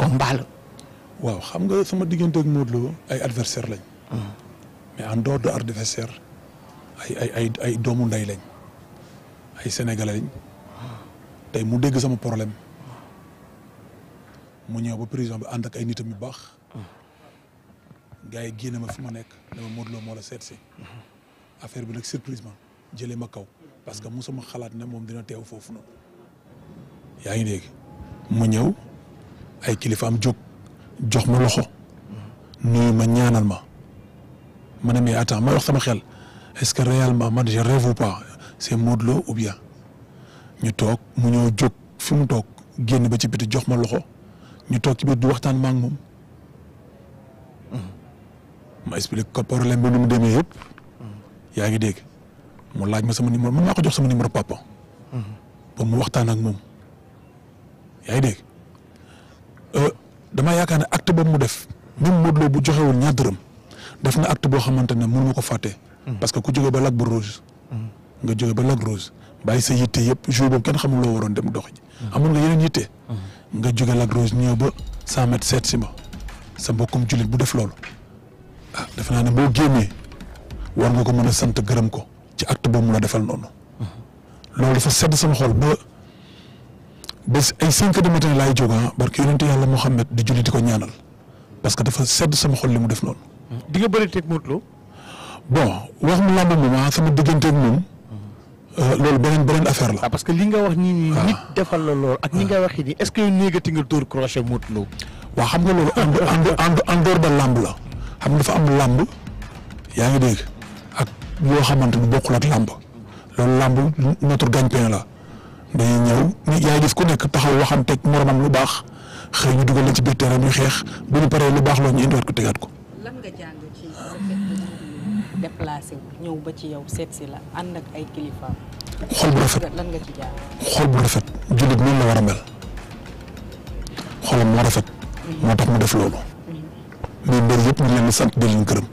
combat la. waaw xam nga sama diggante ak Modou ay adversaire lañ. mais en dehors de adversaire ay ay doomu ndey lañ ay sénégalais lañ tey mu dégg sama problème mu ñëw ba prison bi ànd ak ay nitam yu baax. gaa yi génne ma fi ma nekk dama Modou moo la seet si. affaire bi nag surprise ma jëlee ma kaw parce que mu sama xalaat ne moom dina teew foofu noonu yaa ngi dégg mu ñëw. ay kilifaam jóg jox ma loxo nuyu ma ñaanal ma ma mais attends ma est-ce que réellement je rêve ou pas c'est ou bien ñu toog mu ñëw jóg fi mu toog ba ci biti jox ma loxo ñu toog ci di ma ma explique problème bi numéro papa. Pour mu ak dama yaakaar ne acte boobu mu def même Modou Lo bu joxewul ñaar dërëm na acte boo xamante ne mënu ma ko fàtte. Mm. parce que ku jóge ba Lac bu Rose. Mm. nga jóge ba Lac Rose bàyyi sa yitte yëpp jour boobu kenn xamul loo waroon dem dox ji. Mm. amoon nga yeneen yitte. nga jóge Lac Rose ñëw ba cent mètres seet si ma sa mbokkum jullit bu def loolu ah naa ne boo génnee war nga ko mën a sant gërëm ko ci act boobu mu la defal noonu. loolu dafa sedd sama xol bis ay 5 heures du matin lay jóg barke yonente yalla mohammed di julli di ko ñaanal parce que dafa sedd sama xol limu def non di nga bëri tek Modou bon wax mu làmb moom ah, sama ak mom euh, lool benen benen affaire la. Ah, parce que li nga wax ni nii ah. nit defal la lool ak ni nga wax ni est-ce que néegati nga tour crochet Modou wa xam nga lool and and and and door ba làmb la. xam nga dafa am làmb. yaa ngi dégg ak yo xamanteni ni bokkul ak làmb. loolu làmb notre gagne-pain la. dañuy ñëw yaay gis ku nekk taxaw waxanteeg moromam lu baax xëy ñu dugal la ci biir terrain ñu xeex bu ñu paree lu baax loolu ñu indiwaat ko tegaat ko. lan ñëw ba ci yow seet si la ànd ak ay kilifaam. xol bu rafet lan nga ci xol bu rafet jullit noonu la war a mel xolam moo rafet. Mm-hmm. moo tax mu def loolu. mais mbir yëpp ñu leen di sant di leen